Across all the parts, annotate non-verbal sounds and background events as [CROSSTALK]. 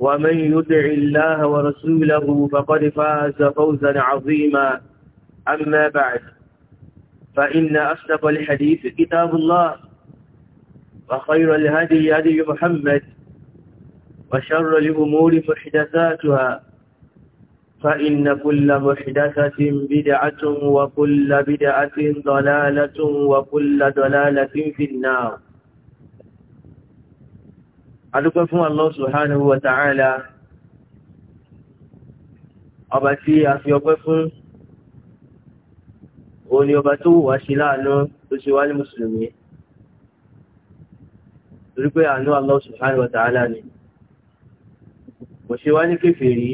ومن يدع الله ورسوله فقد فاز فوزا عظيما أما بعد فإن أصدق الحديث كتاب الله وخير الهدي هدي محمد وشر الأمور محدثاتها فإن كل محدثة بدعة وكل بدعة ضلالة وكل ضلالة في النار adúpẹ́ fún Allah subhanahu wa ta'ala ọba tí a fi ọpẹ́ fún òun ni ọba tó wù wá sí láàánú tó ṣe wá ní mùsùlùmí torí pé àánú Allah subhanahu wa ta'ala ni kò ṣe wá ní kèfèrí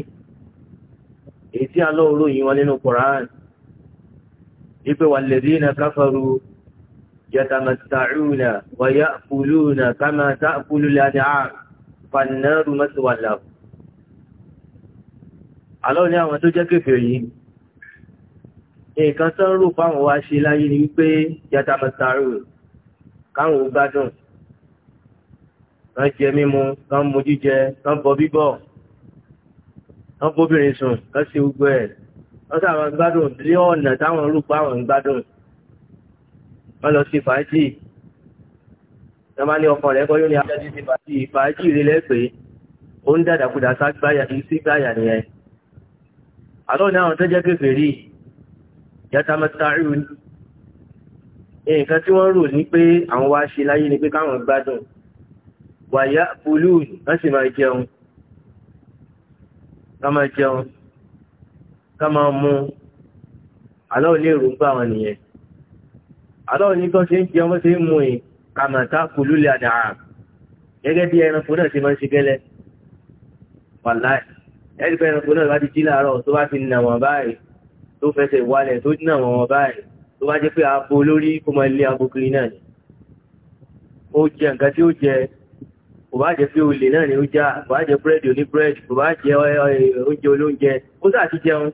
èyí tí Allah ròyìn wọn nínú Qur'an wípé walladhina kafaru. يتمتعون ويأكلون كما تأكل الأنعام فالنار مثوى لهم Àlọ́ ni àwọn tó jẹ́ kéfèé yìí, nǹkan tán rò fáwọn wá ṣe láyé ni wípé yàtàmọ̀tàrò káwọn ò gbádùn. Wọ́n jẹ mímu, kán mu jíjẹ, kán bọ bíbọ̀, kán bóbìnrin sùn, kán ṣe gbogbo ẹ̀. Wọ́n sáwọn gbádùn lé ọ̀nà táwọn rò fáwọn gbádùn wọ́n lọ sí fàájì wọ́n máa ní ọkọ rẹ̀ kọ́ yóò ní abẹ́jú sí fàájì fàájì rẹ̀ lẹ́pẹ́ ó ń dàdàkudà ságbáyà sígbáyà nìyẹn àlọ́ ní àwọn tó jẹ́ kékeré yàtàmẹ́tàrún nǹkan tí wọ́n rò ní pé àwọn wá ṣe láyé ni pé káwọn gbádùn wàyá bulú wọ́n sì máa jẹun ká máa jẹun ká máa mú àlọ́ ní èròǹgbà wọn nìyẹn àlọ́ ní tó ṣe ń jẹ ọmọ ṣe ń mú ì kàmàtà kùlú lè àdàrà gẹ́gẹ́ bí ẹranko náà ṣe máa ń ṣe gẹ́lẹ́ wàláì ẹ̀rí pé ẹranko náà bá ti jí láàárọ̀ tó bá ti nà wọ́n báyìí tó fẹsẹ̀ wálẹ̀ tó nà wọ́n báyìí tó bá jẹ́ pé abo lórí kó máa lé abo kiri náà ni ó jẹ nǹkan tí ó jẹ kò bá jẹ pé olè náà ni ó já kò bá jẹ búrẹ́dì oní búrẹ́dì kò bá jẹ oúnjẹ olóúnjẹ ó sà ti jẹun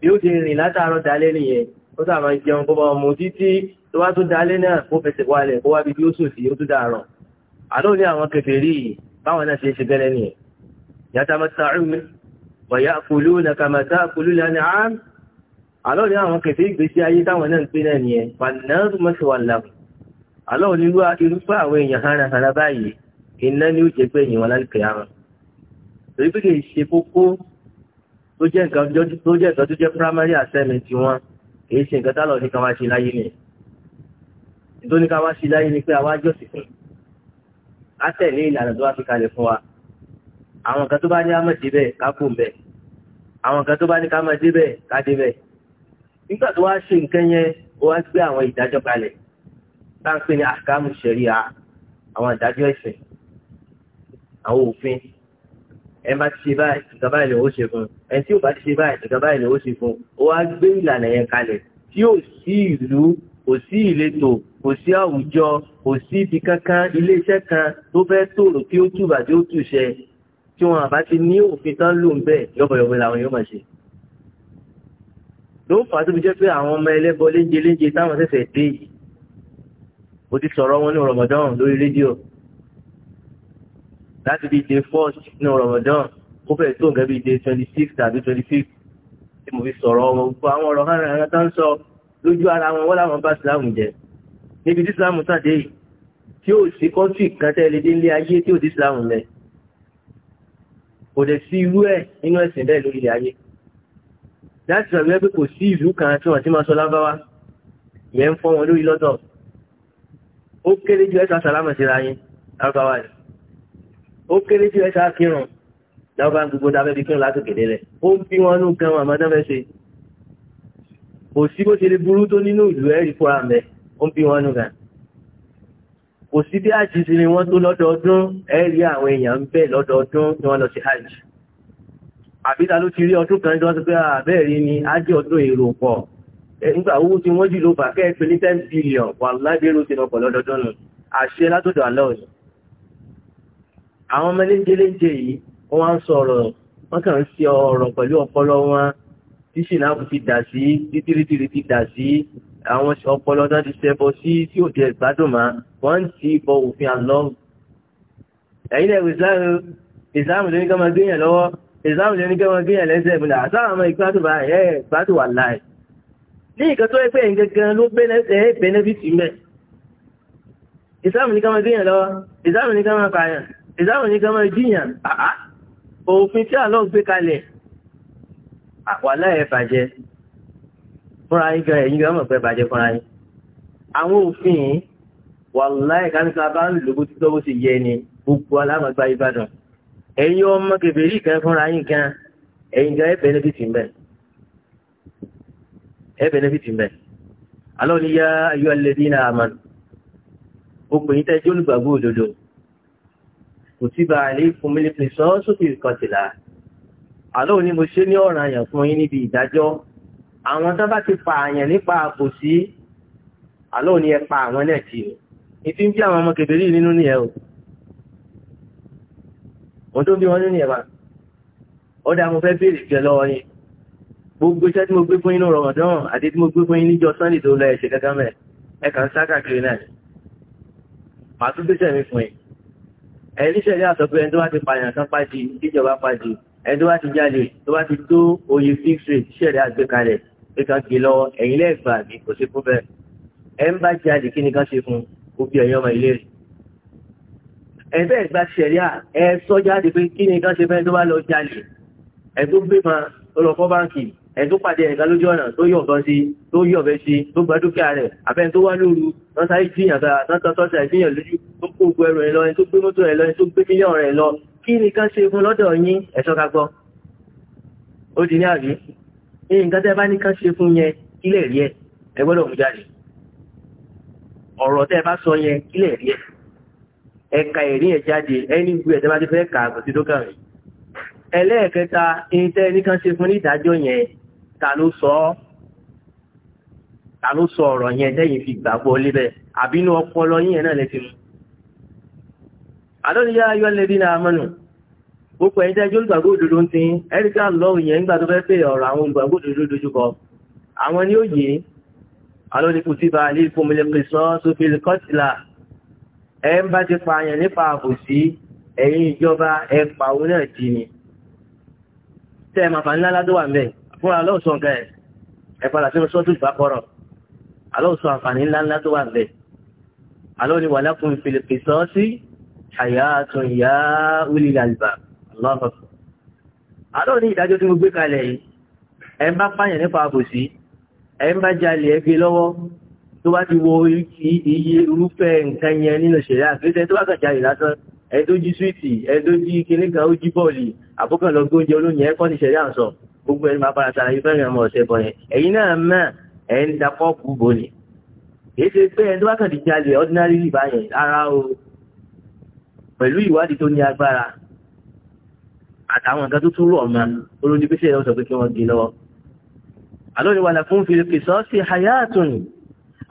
bí ó ti rìn látàárọ̀ dalẹ́ nìyẹn ó sà máa jẹun kó máa mú títí tó bá tún dalé náà kó fẹsẹ̀ wálẹ̀ kó wá bí bí ó sùn sí ó tún dàárọ̀ àlọ́ ní àwọn kèfèrí yìí báwọn náà ṣe é ṣe gẹ́lẹ́ nìyẹn yàtàmọ́tàrún wa ya'kuluna kama ta'kulul an'am àlọ́ ní àwọn kẹfẹ́ ìgbésí ayé táwọn náà ń pè náà nìyẹn pàdánù mọ́síwàláwù àlọ́ onílú irúfẹ́ àwọn èèyàn hánahànà báyìí iná ni ó jẹ́ pé èèyàn wọn lálùkẹ́ àwọn torí pé kì í ṣe kókó tó jẹ́ nǹkan tó ìdóní ká wá sí láyé ni pé àwa jọ́sìn fún á tẹ̀lé ìlànà tó wá fi kalẹ̀ fún wa àwọn nǹkan tó bá ní àmọ̀ débẹ̀ ká kò ń bẹ̀ àwọn nǹkan tó bá ní ká máa débẹ̀ ká débẹ̀ nígbà tó wá ṣe nǹkan yẹn ó wá gbé àwọn ìdájọ́ kalẹ̀ tá ń pè ní àkàmù ṣẹ̀ríà àwọn ìdájọ́ ẹ̀sìn àwọn òfin ẹ bá ti ṣe báyìí ìgbà báyìí ni ó ṣe fún ẹ tí ò bá ti ṣe báyìí ìgbà báyìí ni ṣe fún ó wá gbé ìlànà yẹn kalẹ̀ tí ò sí ìlú kò sí ìletò kò sí àwùjọ kò sí ibi kankan iléeṣẹ́ kan tó fẹ́ tòrò kí ó túbà tí ó túṣẹ tí wọn àbá ti ní òfin tán lò ń bẹ̀ yọ̀bọ̀yọ̀bọ̀ làwọn yóò máa ṣe. ló fà á tó fi jẹ́ pé àwọn ọmọ ẹlẹ́bọ léńjẹ léńjẹ táwọn ṣẹ̀ṣẹ̀ dé yìí ó ti sọ̀rọ̀ wọn ní rọmọdán lórí rédíò láti bíi day first ní rọmọdán ó fẹ́ tó nǹkan bíi day twenty six tàbí twenty six tí mo fi sọ̀rọ̀ wọn gbogbo àwọn ọ̀rọ̀ lójú ara wọn wọ́n làwọn bá islam jẹ níbi tí islam sàdé yìí tí ó sì kọ́ńtì kan tẹ́lẹ̀ dé ilé ayé tí ó di islam lẹ̀ kò dẹ̀ sí irú ẹ̀ nínú ẹ̀sìn bẹ́ẹ̀ lórí ilé ayé láti sọ̀rọ̀ pé kò sí ìlú kan tí wọ́n ti máa sọ lábáwá ìyẹn ń fọ́ wọn lórí lọ́tọ̀ ó kéré ju ẹ̀sà sàlámà síra yín lábáwá ni ó kéré ju ẹ̀sà kírun lábáwá gbogbo dábẹ́ bí kírun látòkèdè kò sí bó ṣe lè burú tó nínú ìlú ẹ̀rí fún àmẹ ó ń bí wọn nù gan kò sí bí àṣìṣe ni wọ́n tó lọ́dọọdún ẹ̀rí àwọn èèyàn ń bẹ̀ lọ́dọọdún tí wọ́n lọ sí hajj àbí ta ló ti rí ọdún kan jọ pé àbẹ́ẹ̀rí ni ájẹ́ ọdún èrò pọ̀ nígbà owó tí wọ́n jù ló bà kẹ́ẹ̀ pé ní ten billion wà lábẹ́rù ti lọ́pọ̀ lọ́dọọdún nù àṣẹ látọ̀dọ̀ àlọ́ ni àwọn ọmọ léńjé léńjé yìí wọ́n á ń sọ ọ̀rọ̀ wọ́n kàn ń ṣe ọ̀rọ̀ pẹ̀lú ọpọlọ wọn tí sinapu ti dà sí títírítírí ti dà sí àwọn ọpọlọ náà ti ṣẹbọ sí tí ò jẹ ìgbádùn mọ́ wọ́n ń ti bọ òfin àlọ́. ẹ̀yin náà ìsìláàmù ìsìláàmù ló ní ká máa gbéyàn lọ́wọ́ ìsìláàmù ló ní ká máa gbéyàn lẹ́sẹ̀ ìmúlẹ̀ àtàwọn ọmọ ìgbádùn bá ẹ̀ ìgbádùn wà láì. ní ìkan tó ẹgbẹ́ yẹn gangan ló bẹ́nẹ́fìtì mẹ́. ìsìláàmù ní ká máa gbéyàn lọ́wọ́ ìsìláàmù ní ká máa pààyàn ìsìláàmù ní ká máa jíyàn òfin tí àlọ́ gbé kalẹ̀ Ah, wà láyé bàjẹ́ fúnra yín gan ẹ̀yin gan mọ̀ pé bàjẹ́ fúnra yín àwọn òfin wà láyé kánípa bá ń lò bó ti tọ́ bó ti yẹ ni gbogbo alámọ̀gbá Ìbàdàn ẹ̀yin ọmọ kẹfẹ́rì kan fúnra yín gan ẹ̀yin gan ẹ̀ bẹ́nẹ́fìtì ń bẹ̀ ẹ̀ bẹ́nẹ́fìtì ń bẹ̀ alọ́ ni yá ayé alẹ́dí náà àmàlù gbogbo yín tẹ́jú olùgbàgbọ́ òdodo kò tí bá a lè fún mi lè pè sọ́ọ́ sókè kọ̀tìlá àlọ́ ni mo ṣe ní ọ̀ràn àyàn fún yín níbi ìdájọ́ àwọn tó bá ti pa àyàn nípa àbòsí àlọ́ ni ẹ pa àwọn náà tì ó ìfi ń bí àwọn ọmọ kèbèrè nínú ni ẹ o òun tó bí wọn nínú ẹ bá ó dáa mo fẹ́ béèrè jẹ lọ́wọ́ yín gbogbo iṣẹ́ tí mo gbé fún yín ní Ramadan àti tí mo gbé fún yín níjọ́ Sunday tó lọ ẹ̀ ṣe kankan mẹ́ ẹ kàn ń sá káàkiri náà màá tún gbéṣẹ́ mi fún yín ẹ̀ríṣẹ́ ní àsọ̀pẹ́ ẹni tó bá ti pààyàn kan pàdé ìjọba pàdé ẹni tó bá ti jáde tó bá ti tó oye fixed rate tíṣẹ̀rì àgbékalẹ̀ pé ká gbé lọ́wọ́ ẹ̀yin lẹ́ẹ̀gbà mi kò sí fún bẹ́ẹ̀ ẹ̀ ń bá jáde kí ni ká ṣe fún kó bí ẹ̀yin ọmọ ilé rẹ̀ ẹ̀ bẹ́ẹ̀ gba ṣẹ̀rí à ẹ sọ jáde pé kí ni ká ṣe fẹ́ẹ́ tó bá lọ jáde ẹ̀ tó gbé ma tó lọ fọ́ báǹkì ẹ̀ tó pàdé ẹ̀ka lójú ọ̀nà tó yọ̀ kan sí tó yọ̀ bẹ́ sí tó gba dúkìá rẹ̀ àbẹ́ tó wá lóru tọ́sà ìjìyàn tọ́sà ìjìyàn lójú tó kó gbogbo ẹrù ẹ̀ lọ ẹni tó gbé mọ́tò ẹ̀ lọ ẹni tó gbé mílíọ̀nù ẹ̀ lọ kí nìkan ṣe fún lọ́dọ̀ yín ẹ̀ṣọ́ ká gbọ́ ó di ní àbí nǹkan tẹ́ bá nìkan ṣe fún yẹn kílẹ̀ rí ẹ̀ ẹ gbọ́dọ̀ mú jáde ọ̀rọ̀ tẹ́ bá sọ yẹn kílẹ̀ rí ẹ̀ ẹ̀ka ẹ̀rí ẹ̀ jáde ẹni gbé ẹ̀tẹ́ bá ti fẹ́ kà àgùntí tó kàwé ẹlẹ́ẹ̀kẹta ìtẹ́ nìkan ṣe fún ní ìdájọ́ yẹn ta ló sọ ọ́ ta ló sọ ọ̀rọ̀ yẹn tẹ́yìn fi gbàgbọ́ lébẹ̀ àbínú ọpọlọ yẹn náà lẹ́ ti mú àlọ́niyá ayọ́ lẹ́bí náà mọ́nù gbogbo ẹ̀yìn tẹ́jú olùgbàgbó òdodo ń tin ẹ́ríkà lọ́rùn yẹn nígbà tó fẹ́ pè ọ̀rọ̀ àwọn olùgbàgbó òdodo dojúkọ àwọn ni ó yé alóni kò sí ba ní ìfomilẹ̀ pèsè sófin kọ́tìlà ẹ̀ ń bá ti pa àyàn nípa àbòsí ẹ̀yìn ìjọba ẹ̀ pàwọ́ náà dì ní. tẹ́ ẹ̀ máa fà ńlá ládó wà mẹ́ fún alóòsàn nǹkan ẹ̀ ẹ̀ padà sínú sọ́tù ìbákọ́rọ̀ alóòsàn àǹfààní ńlá ńlá tó wà mẹ́ alóni wà lákùnrin fèlè hayatun ya ulil albab Allahu akbar àlọ́ ní ìdájọ́ tí mo gbé kalẹ̀ yìí ẹ ń bá pààyàn nípa àbòsí ẹ ń bá jalè ẹ gbé lọ́wọ́ tó bá ti wo iye irúfẹ́ nǹkan yẹn nínú ìṣẹ̀lẹ̀ àgbésẹ̀ tó bá kàn jalè lásán ẹ tó jí súwìtì ẹ tó jí kinní kan ó jí bọ́ọ̀lì àbúkàn lọ gbóúnjẹ olóyìn ẹ kọ́ ní ìṣẹ̀lẹ̀ àǹsọ̀ gbogbo ẹni máa bára sara ìfẹ́ ìrìnàmọ̀ ọ̀sẹ̀ bọ̀ yẹn ẹ̀yin náà mọ̀ ẹ̀ ń dakọ́ kú bò ní. èyí ṣe pé ẹni tó bá kàn ti jalè ordinary rìbá yẹn rárá o pẹ̀lú ìwádìí tó ní agbára àtàwọn nǹkan tó tún rọ̀ mọ́ olódi pé ṣèyàn sọ pé kí wọ́n gé lọ́wọ́ alóòní wà láfún fi kìsọ́ sí hayatun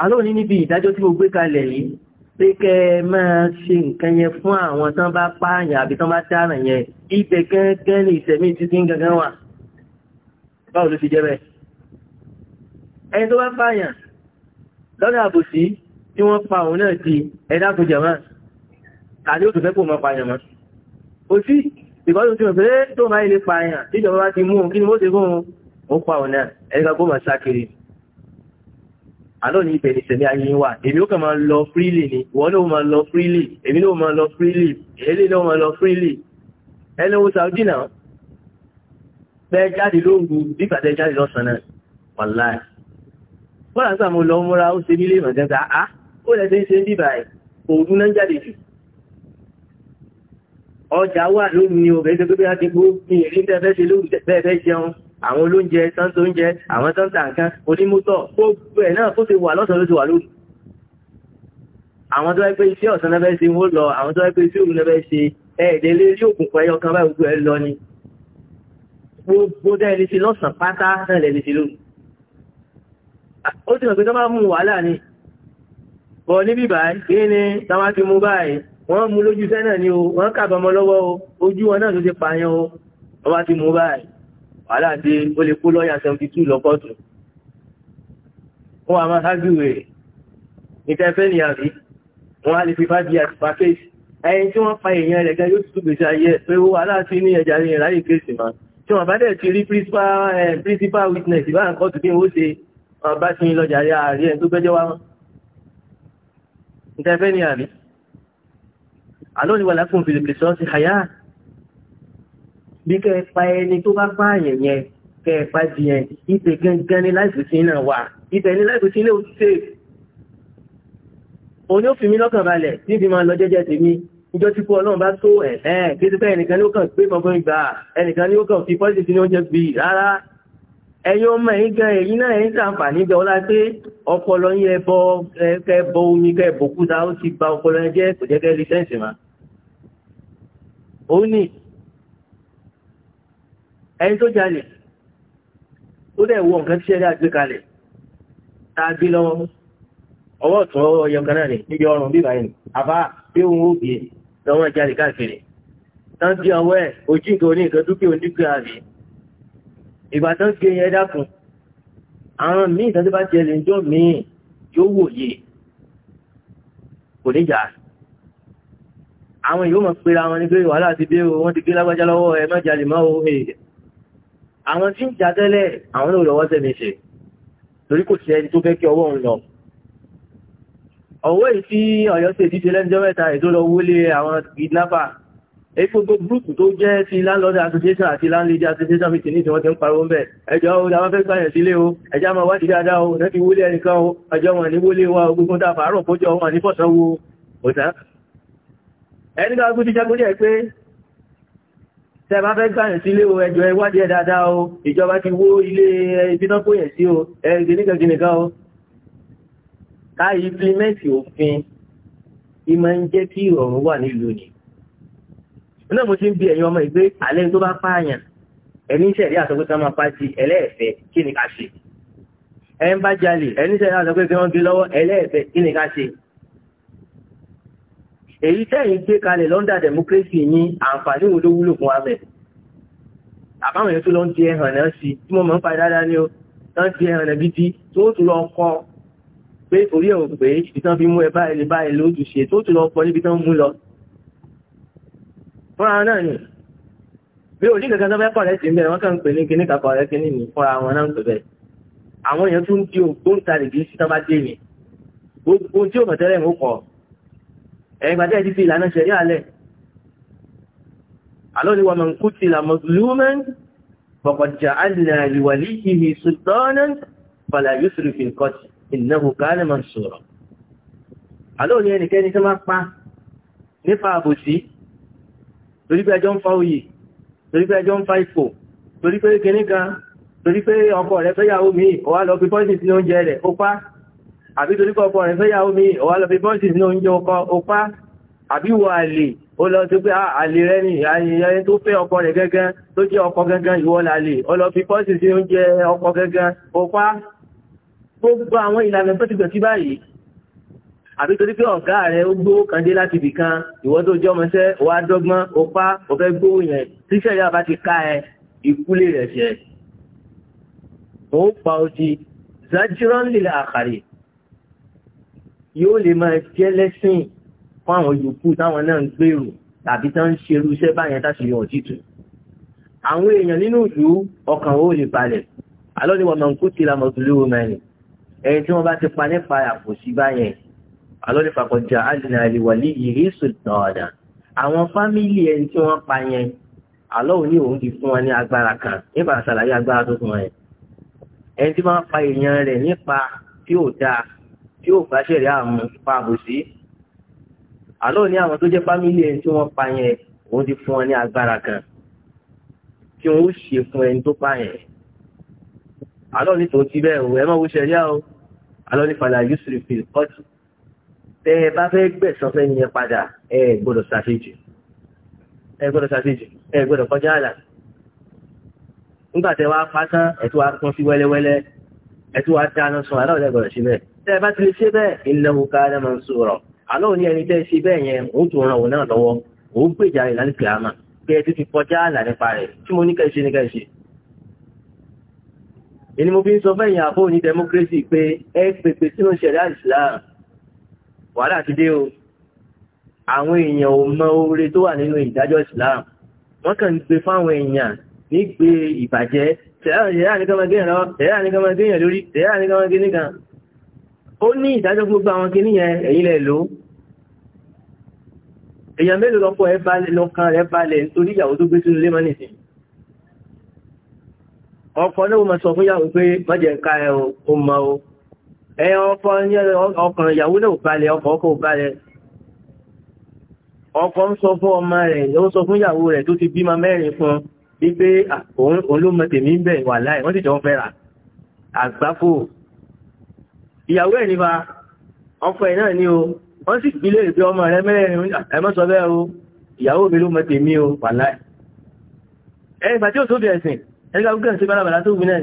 alóòní níbi ìdájọ́ tí mo gbé kalẹ̀ yìí pé kẹ́ ẹ máa ṣe nǹkan yẹn fún àwọn tán bá pààyàn àbí tán bá dáràn yẹn ibẹ̀ gángan ní ìṣẹ̀mí títí gangan wà báwo ló fi jẹ́ bẹ́ẹ̀ ẹni tó bá pààyàn lọ́dọ̀ àbòsí tí wọ́n pa òun náà di ẹ̀dá kùjẹ̀mọ́ tàbí ó tó fẹ́ kó mọ́ pààyàn mọ́ O sí ìgbọ́dún tí mo fẹ́ tó máa ilé pààyàn tí ìjọba ti mú kí ni mo ṣe fún un ó pa ọ̀nà ẹ̀ka kó máa sákiri àlọ́ ní ibẹ̀ nìṣẹ̀lẹ̀ ayé wà èmi ó kàn máa lọ frílì ni wọ́n ló máa lọ frílì èmi ló máa lọ frílì èlé ló máa lọ frílì ẹlẹ́wọ́ Saudi náà bẹ́ẹ̀ jáde lóògù nígbà tẹ́ jáde lọ́sàn náà wàláì bọ́lá sáà mo lọ múra ó ṣe nílé ìmọ̀ gẹ́gẹ́ àá ó lẹ́sẹ̀ ń ṣe bíbà ẹ̀ òògùn náà jáde jù ọjà wà lóru ni o bẹ̀rẹ̀ pé a ti gbó ní ìrí tẹ́fẹ́ ṣe lóru bẹ́ẹ̀ jẹun àwọn olóúnjẹ sáńtó oúnjẹ àwọn sáńtà nǹkan onímọ́tọ̀ gbogbo ẹ̀ náà kó ti wà lọ́sàn ló ti wà lóru àwọn tó wáyé pé iṣẹ́ ọ̀sán náà fẹ́ ṣe wọ́n lọ àwọn tó wáyé pé iṣẹ́ òru náà fẹ́ ṣe ẹ̀ẹ́dẹ̀ lé rí òkùnkùn ẹyọ kan báyìí gbogbo ẹ lọ ni gbogbo dẹ́ ẹni ṣe lọ́sàn pátá náà lẹ́ni ṣe lóru ó ti hàn pé tó bá mú wàhálà ni bọ̀ níbí báyìí kí ni táwọn ti mú báyìí wọ́n mú lójú sẹ́nà ni o wọ́n kàbọmọ lọ́wọ́ o ojú wọn náà ló ti pààyàn o wọ́n bá ti mú báyìí wàhálà dé ó lè kó lọ́yà seventy lọ́kọ́tù wọ́n a máa ṣáájú rẹ̀ ìtẹ́fẹ́ ni àbí wọ́n á lè fi five years package ẹyin tí wọ́n pa èèyàn rẹ̀ gan yóò tutù gbèsè ayé pé ó wà láti ní ẹja rí ìrìn láyé kéèsì máa tí wọ́n bá dẹ̀ ti rí principal witness ìbá nǹkan tó kí n ó ṣe bá ti ń lọ́jà rí ààrẹ alóni wà lákùn fìlìpì sọ sí àyà bí kẹfà ẹni tó bá pa àyẹ̀ yẹn kẹfà di yẹn ìpè gangan ní láìpẹ́ sí náà wà ìpè ní láìpẹ́ sí ilé òṣìṣẹ́ òní ó fi mí lọ́kàn balẹ̀ níbi máa lọ jẹ́jẹ́ tèmi ìjọ tí kú ọlọ́run bá tó ẹ̀ ẹ̀ kí ti pẹ́ ẹnìkan ní ó kàn gbé mọ́gbọ́n ìgbà ẹnìkan ní ó kàn fi pọ́lìtì sí ní oúnjẹ gbì rárá ẹ̀yin ọmọ yìí gan èyí náà ń ṣàǹfààní jọ ọlá pé ọpọlọ yẹn bọ kẹ bọ omi kẹ bòkúta ó ti gba ọpọlọ yẹn jẹ kò jẹ́ kẹ́ lísẹǹsì mà ó nì ẹni tó jalè ó dẹ̀ wọ nǹkan tíṣẹ́ dáa gbé kalẹ̀ tá a gbé lọ́wọ́ ọwọ́ tún ọwọ́ yọkan náà ni níbi ọrùn bíbá yìí àbá bí òun ó bìí lọ́wọ́ jalè káàkiri tán di ọwọ́ ẹ̀ ojú nǹkan oníkan dúkìá oníkan àbí ìbátan gé yẹn dákun àwọn míì ìtàdé bá tiẹ̀ lè jọ míì yóò wòye kò níjà àwọn yóò mọ̀ pé àwọn ní wàhálà ti dé o wọ́n ti gé lágbájá lọ́wọ́ ẹ má jalè mọ́ o ẹ̀ àwọn tí ń jà tẹ́lẹ̀ àwọn náà lọ́wọ́ sẹ́mi ṣe torí kò sí ẹni tó fẹ́ kí ọwọ́ òun lọ ọwọ́ èyí tí ọ̀yọ́ ṣe ìdíje lẹ́nu jọ́ mẹ́ta ètò lọ wọlé àwọn kidnapper gbogbo gúrùpù tó jẹ́ ti landlord association àti landlady association meeting ní tí wọ́n ti ń pariwo bẹ́ẹ̀ ẹjọ́ o dáwọn fẹ́ gbáyẹ̀ sílé o ẹjá ma wádìí dáadáa o náà wúlé ẹnìkan o ọjọ́ wọn ní wúlé wa gbogbo dáfà àárọ̀ fójọ wọn ní fọ́sán ìmọ̀ ń jẹ́ kí ìrọ̀rùn wà nílùú ni náà mo ti ń bi ẹ̀yin ọmọ ìgbé alẹ́ tó bá pààyàn ẹni ìṣẹ̀rí àsọpé ká máa pàtì ẹlẹ́ẹ̀fẹ́ kí ni ká ṣe ẹni bá jalè ẹni ìṣẹ̀rí àsọpé kí wọ́n gbé lọ́wọ́ ẹlẹ́ẹ̀fẹ́ kí ni ká ṣe. èyí tẹ́yìn gbé kalẹ̀ lọ́ndà democracy ní àǹfààní wo ló wúlò fún wa mẹ́. àbáwọn èèyàn tó lọ ń di ẹ̀hàn náà sí tí mo máa ń pa dáadáa ní o tó ń di ẹ̀hàn náà bíi tó tún lọ kọ́ pé orí ẹ̀ fúnra náà ni bí òjì kankan tó fẹ́ kọ̀rẹ́ sí bẹ́ẹ̀ wọ́n kàn ń pè ní kíní kakọ̀ rẹ́ kíní ní fúnra wọn náà ń pè bẹ́ẹ̀ àwọn èèyàn tún di ògbóǹtarìgì sí tán bá dé yẹn gbogbo tí ò mọ̀ tẹ́lẹ̀ ń kọ̀ ẹ̀yìn gbàtẹ́ ti fi ìlànà ṣẹ̀rí àlẹ́ àlọ́ ni wọ́n kú ti là mọ̀sùlùmẹ́n bọ̀kọ̀jà àdìnà àlọ́ ni ẹnikẹ́ni tó máa pa nípa àbòsí torí pé ẹjọ́ ń fa oyè torí pé ẹjọ́ ń fa ipò torí pé kìíní kan torí pé ọkọ rẹ̀ fẹ́yàwó mi ó wá lọ fi pọ́ìsì sínú oúnjẹ rẹ̀ ó pa àbí torí pé ọkọ rẹ̀ fẹ́yàwó mi ó wá lọ fi pọ́ìsì sínú oúnjẹ ó pa àbí wọ àlè ó lọ sí pé ah, àlè rẹ̀ ní ayẹyẹ tó fẹ́ ọkọ rẹ̀ gẹ́gẹ́ tó jẹ́ ọkọ gẹ́gẹ́ ìwọ làlè ó lọ fi pọ́ìsì sínú oúnjẹ ọkọ gẹ́gẹ́ ó pa gbogbo àwọn ìlànà pẹ́tìgbẹ̀tì báyìí àbí torí pé ọ̀gá rẹ̀ ó gbówó kan dé láti ibì kan ìwọ́n tó jọ́ mọ́ṣẹ́ wá dọ́gbọ́n ó pa ó fẹ́ gbówó yẹn tíṣẹ́ yà bá ti ká ẹ ìkúlé rẹ̀ ṣe. ó pa ó ti zajiran lílẹ̀ àkàrè yóò lè máa jẹ́ lẹ́sìn fún àwọn yòókù táwọn náà ń gbèrò tàbí tán ń ṣerú iṣẹ́ báyẹn tá sì yàn òtítù. àwọn èèyàn nínú ìlú ọkàn ó lè balẹ̀ alọ́ ni wọ́n máa ń kú tìlà mọ̀tòlówó mẹ́rin ẹni tí wọ́n bá ti pa nípa àpòsí báyẹn alọ́dẹ fàkọjá àdínà àlìwàlì yìí sùdọ̀ọ̀dà àwọn fámìlì ẹni tí wọ́n pa yẹn àlọ́ òní òun ti fún wọn ní agbára kan nípa àṣàlàyé agbára tó fún wọn yẹn ẹni tí wọ́n pa èèyàn rẹ̀ nípa tí ò dáa tí ò bá ṣẹ̀rí àmú pa àbòsí àlọ́ òní àwọn tó jẹ́ fámìlì ẹni tí wọ́n pa yẹn òun ti fún wọn ní agbára kan tí wọ́n ó ṣe fún ẹni tó pa yẹn àlọ́ òní tó ti bẹ́ẹ̀ o ẹ má wo ṣẹ̀rí àwọ tẹ́ ẹ bá fẹ́ gbẹ̀sán fẹ́ yẹn padà ẹ gbọ́dọ̀ ṣàṣejù ẹ gbọ́dọ̀ ṣàṣejù ẹ gbọ́dọ̀ kọjá àlà nígbà tẹ́ wàá pa tán ẹ tó wàá pọn sí wẹ́lẹ́wẹ́lẹ́ ẹ tó wàá dáná sun aláwọ̀ ẹ gbọ́dọ̀ ṣe bẹ́ẹ̀ tẹ́ ẹ bá ti lè ṣe bẹ́ẹ̀ innahu kana mansura aláwọ̀ ní ẹni tẹ́ ẹ ṣe bẹ́ẹ̀ yẹn òun tó ràn òun náà lọ́wọ́ òun gbèjà rẹ̀ mo ní ń sọ fẹ́yìn àbó ní democracy pé ẹ pèpè sínú ṣẹ̀dá Islam wàhálà ti dé o àwọn èèyàn ò mọ oore tó wà nínú ìdájọ́ Islam wọ́n kàn ń gbé fáwọn èèyàn nígbé ìbàjẹ́ èèyàn mélòó lọ́pọ̀ ẹ balẹ̀ lọ́kàn rẹ balẹ̀ nítorí ìyàwó tó gbé sínú ilé mọ́ nìsín náà wọ́n sọ fún ìyàwó pé má jẹ́ o ó o ẹ̀yàn ọkọ ní ọkùnrin ìyàwó náà balẹ̀ ọkọ ọkọ balẹ̀ ọkọ ń sọ fún ọmọ rẹ̀ ó sọ fún ìyàwó rẹ̀ tó ti bímọ mẹ́rin fún wípé òun ló mọ tèmi ń bẹ̀ wà láì wọ́n sì jọ fẹ́ra àgbákò ìyàwó ẹ̀ nípa ọkọ ẹ̀ náà ni o wọ́n sì gbílé ìpé ọmọ rẹ̀ mẹ́rin ẹmọ́sọ bẹ́ẹ̀ o ìyàwó mi ló mọ tèmi o wà láì ẹ̀yìn ìgbà tí ò tó bẹ̀ẹ̀sìn ẹ̀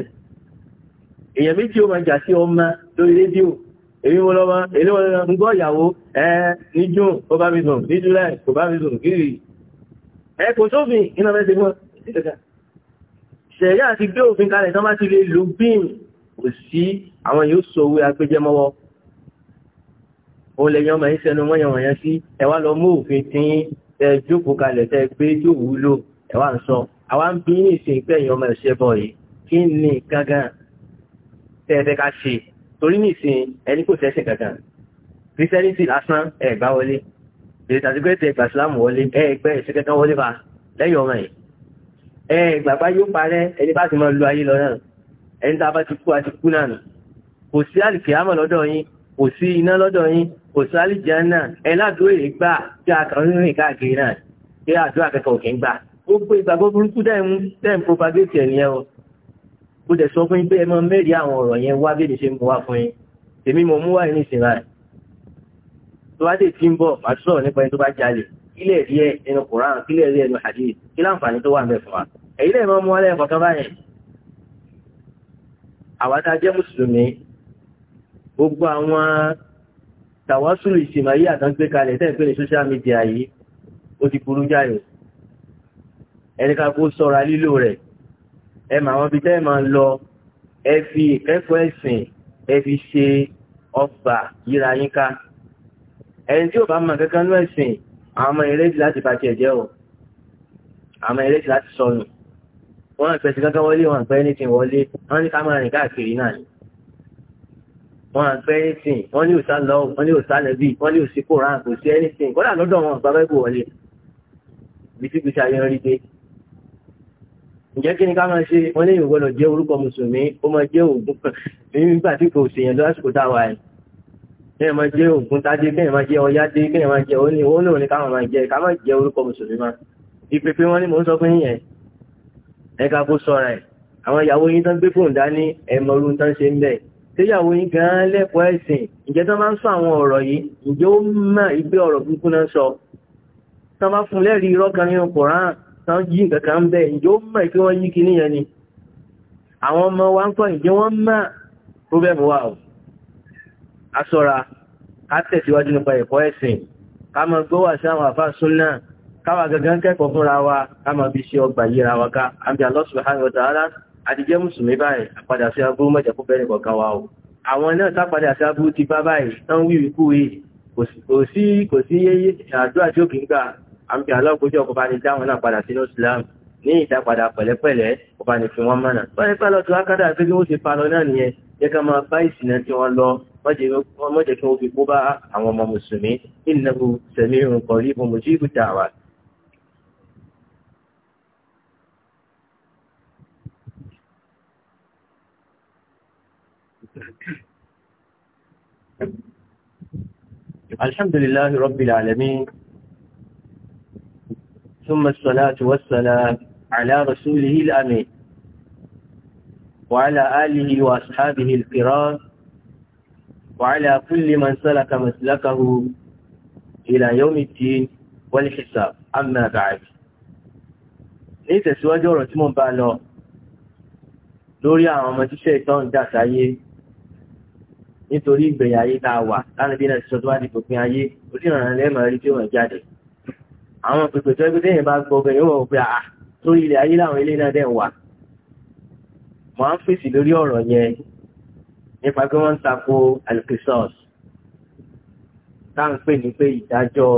èèyàn méjì ó máa jà sí ọmọ lórí rédíò èmi mo lọ́mọ èmi mo lọ́mọ ń gbọ́ ìyàwó ẹ ní june kó bá mi sùn ní july kó bá mi sùn kiri ẹ kò sófin iná fẹ́ ti mọ́ ṣẹ̀yà àti gbé òfin kalẹ̀ tán bá ti lè lu bíìn kò sí àwọn yóò sọ owó agbẹjẹmọ́wọ́ òun lè ọmọ yín sẹnu wọ́n yan wọ̀nyẹn sí ẹ wá lọ mú òfin tí ẹ jókòó kalẹ̀ tẹ gbé tó wúlò ẹ wá ń sọ àwa ń bí ní ìsìn pẹ̀yìn ọmọ ìṣẹ́bọ̀ yìí kí ni gángan tẹ́ẹ̀fẹ́ ká ṣe torí ní ìsìn ẹni kò sẹ́sìn kankan christianity lásán ẹ̀gbá wọlé ìrètà sí pẹ́ẹ́tẹ̀ ẹgbà sílámù wọlé ẹ̀ẹ́gbẹ́ ẹ̀sìn kankan wọlé fa lẹ́yìn ọmọ yìí ẹ̀ẹ́gbà bá yóò parẹ́ ẹni bá ti máa lu ayé lọ náà ẹni tá a bá ti kú a ti kú náà nù kò sí àlìkìyàmọ̀ lọ́dọ̀ yín kò sí iná lọ́dọ̀ yín kò sí àlìjánnà ẹ ládùúgbò èrè gbà tí a kàn ń rìn káàkiri náà kí àdúrà kẹkọ̀ọ́ kì í gbà gbogbo ìgbàgbọ́ burúkú mo dẹ̀ sọ fún yín pé ẹ máa mẹ́rin àwọn ọ̀rọ̀ yẹn wá bẹ́ẹ̀ ṣe ń wá fún yín èmi mo mú wá ní ìsìn rà tó bá dé tí ń bọ̀ màá sọ̀rọ̀ nípa ẹni tó bá jalè kílẹ̀ rí ẹ ẹnu kùrán kílẹ̀ rí ẹnu hadith kí láǹfààní tó wà ń bẹ fún wa èyí lè máa mú wá lẹ́yìn kọ̀ọ̀kan báyẹn àwa tá a jẹ́ mùsùlùmí gbogbo àwọn tàwásùlù ìsìnmọ̀ àtàǹgbé kalẹ̀ tẹ́ ń pè ní social media yìí ó ti burú jáde ẹnìkan kó sọ̀rọ̀ lílò rẹ̀ ẹ mà wọn bí tẹ́ ẹ máa lọ ẹ fi ìkẹ́kọ̀ọ́ ẹ̀sìn ẹ fi ṣe ọgbà yíra yín ká ẹni tí ò bá mọ kankan ní ẹ̀sìn àwọn ọmọ ìrètí láti bàjẹ́ jẹ́ o àwọn ọmọ ìrètí láti sọnù wọ́n ń pẹ̀sì kankan wọlé wọ́n ń pẹ́ anything wọlé wọ́n ní kámẹ́rà ní káàkiri náà ni wọ́n ń pẹ́ anything wọ́n ní òsà lọ wọ́n ní òsà lẹ́bí wọ́n ní òsì kóran kò sí anything kódà lọ́dọ̀ wọn bàbá ìbò wọlé bí tí gbèsè ayé ń rí dé ǹjẹ́ kí ni ká máa ṣe wọ́n ní ìwọ̀gbọ́dọ̀ jẹ́ orúkọ mùsùlùmí ó máa jẹ́ ògùn kan nígbà tí kò ṣèyàn lásìkò táwa ẹ̀ kéèyàn máa jẹ́ ògùn tádé kéèyàn máa jẹ́ ọyádé kéèyàn máa jẹ́ òní òun lòun ni káwọn máa jẹ́ ká máa jẹ́ orúkọ mùsùlùmí máa ìpè pé wọ́n ní mò ń sọ fún yín ẹ̀ ká kó sọ̀rọ̀ ẹ̀ àwọn ìyàwó yín tán gbé fóun dání ẹ̀ mọ orú tán ṣe ń bẹ̀ téyàwó yín gan-an lẹ́kọ̀ọ́ ẹ̀sìn ǹjẹ́ tán máa ń sọ àwọn ọ̀rọ̀ yìí ǹjẹ́ ó mọ̀ ìgbé ọ̀rọ̀ burúkú náà sọ tán bá fún lẹ́rìí irọ́ kan nínú kòrán tán yí nǹkankan bẹ́ẹ̀ ìjọ mọ̀ kí wọ́n yí kíní yẹn ni àwọn ọmọ wa ń kọ́ ìjẹ́ wọ́n mọ̀ problem wa o a ṣọ́ra ká tẹ̀síwájú nípa ẹ̀kọ́ ẹ̀sìn ká máa gbọ́ wà sí àwọn àfáà súnà káwa gangan kẹ́kọ̀ọ́ fúnra wa ká máa fi ṣe ọgbà yíra wa ká àbí Allah subhanahu wa ta'ala àtijẹ́ mùsùlùmí báyìí àpadà sí agbó mọ̀jẹ̀ fún bẹ́ẹ̀ nìkan wa o àwọn àǹfì alákòójọ kò bá ní dáhùn náà padà sínú Islam ní ìdápadà pẹ̀lẹ́pẹ̀lẹ́ kò bá ní fi wọ́n mọ̀nà. wọ́n ní pálọ̀ tó ákádà pé bí wọ́n ṣe palọ náà nìyẹn jẹ́ ká máa bá ìsìnà tí wọ́n lọ mọ́jẹ̀ kí wọ́n fi kó bá àwọn ọmọ mùsùlùmí innahu sami'un qaribun mujibu da'wat. alhamdulillahi rabbil alamin ثم الصلاة والسلام على رسوله الأمين وعلى آله وأصحابه الكرام وعلى كل من سلك مسلكه إلى يوم الدين والحساب أما بعد نيتا سوى جورة من بالو لوريا عمام الشيطان داس عيه نيتا ريب بيعي دعوة أنا بينا السودوان لبقين عيه وزينا نعلم عليك يوم الجادل àwọn pèpè tó ẹgbẹ́ tẹ́yìn bá gbọ́ bẹ̀rẹ̀ wọ̀ pé àà ah, torí ilẹ̀ ayé làwọn ilé náà dẹ̀ wà màá ń fèsì lórí ọ̀rọ̀ yẹn nípa pé wọ́n ń tako alikisọ́s tá à ń pè ní pé ìdájọ́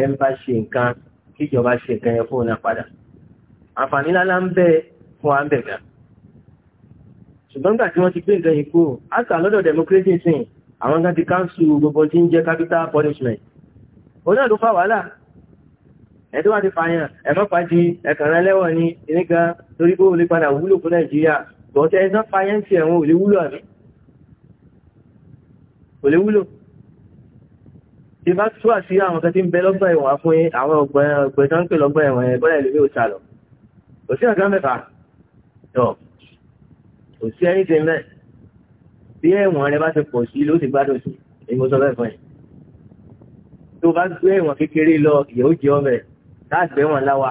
ẹ̀ ń bá ṣe nǹkan kíjọba ṣe nǹkan yẹn fóun náà padà àǹfààní lálá ń bẹ fún wa ń bẹ̀ ṣùgbọ́n nígbà tí wọ́n ti gbé nǹkan yìí kú àtà lọ́dọ̀ democracy sìn àwọn kan ti káńsù gbogbo tí ń jẹ́ capital punishment òun náà ló fà wàhálà ẹni tó wá ti fàyàn ẹ̀mọ́pá di ẹ̀kànrẹ́ lẹ́wọ̀n ni ìníkan torí pé ó lè padà wúlò fún nàìjíríà bọ̀ọ̀tẹ́ ẹ̀sán fàyàn ti ẹ̀wọ̀n ò lè wúlò àbí ò lè wúlò tí bá tú àti àwọn kan tí ń bẹ lọ́gbà ẹ̀wọ̀n fún àwọn ọgbẹ̀ tó ń pè lọ́gbà ẹ̀wọ̀n ẹ̀ bọ́lá ìlú òta lọ kò sí ọ̀gá mẹ́fà tọ̀ kò sí ẹni tí ń bẹ̀ bí ẹ̀wọ̀n rẹ bá ti pọ̀ sí ló ti gbádùn sí èmi sọ ẹ̀ láàgbẹ́ wọn láwa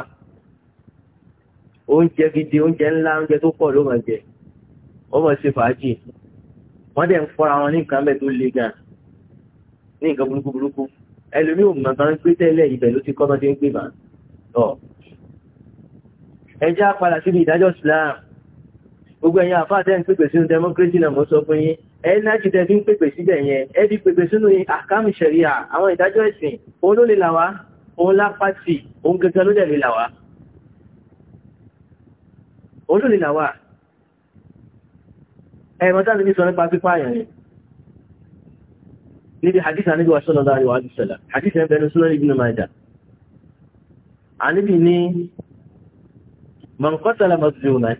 oúnjẹ gidi oúnjẹ ńlá oúnjẹ tó pọ̀ ló máa jẹ wọ́n máa ṣe fàájì wọ́n dẹ̀ ń fọ́ra wọn ní nǹkan bẹ́ẹ̀ tó le gan ní nǹkan burúkú burúkú ẹlòmíì ò mọ̀ tán gbé tẹ́lẹ̀ ibẹ̀ ló ti kọ́ tán ti ń gbé bá tọ̀ ẹ já síbi ìdájọ́ Islam gbogbo ẹ̀yin àfáà tẹ́ ń pèpè sínú democracy náà mo sọ fún yín ẹ̀ẹ́dájì tẹ́ fi ń pèpè síbẹ̀ yẹn ẹ fi pèpè sínú àkámù ṣẹ̀ríà àwọn ìdájọ́ ẹ̀sìn òun ló òun lápá tì òun gẹ́gẹ́ ló dẹ̀ lè làwá òun ló lè làwá ẹ̀mọ́ tánà ní sọ nípa pípa àyàn rẹ̀ níbi hadith àníbi wa sọ́lọ́dá àríwá àdìsọ́lá hadith ẹ̀ bẹ̀rẹ̀ sọ́lọ́ ibn Majah àníbi ní man qatala mazluman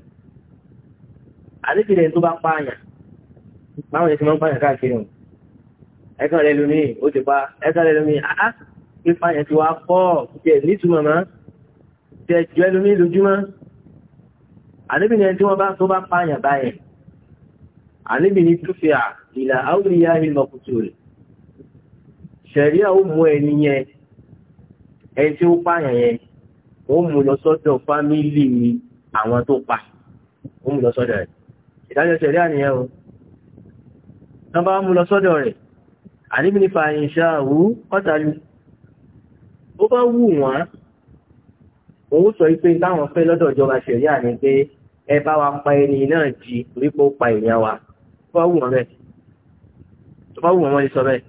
àníbi rẹ̀ tó bá pààyàn báwọn pa ẹ̀kan rẹ̀ lómi àá pípa yẹn ti wá pọ̀ jẹ́ nítumọ̀ mọ́ jẹ́ jù ẹlòmí lójúmọ́ àníbìnrin tí wọ́n bá tó bá pààyàn báyẹn àníbìnrin túfìà ìlà áwùrìyá ìlọkùtù rẹ̀ ṣẹ̀rí àwọn mú ẹni yẹn ẹni tí ó pààyàn yẹn ó mú lọ sọ́dọ̀ fámílì àwọn tó pa ó mú lọ sọ́dọ̀ rẹ̀ ìdájọ́ ṣẹ̀rí àníyàn o tán bá mú lọ sọ́dọ̀ rẹ̀ àníbìnrin fàyìn ṣáà wú kọ́tàlú bó bá wù wọ́n òun sọ pé táwọn fẹ́ lọ́dọ̀ ìjọba ṣẹ̀ríà ni pé ẹ bá wa pa ẹni náà jí torí pé ó pa èèyàn wa tó bá wù wọ́n bẹ́ẹ̀ tó bá wù wọ́n lè sọ bẹ́ẹ̀.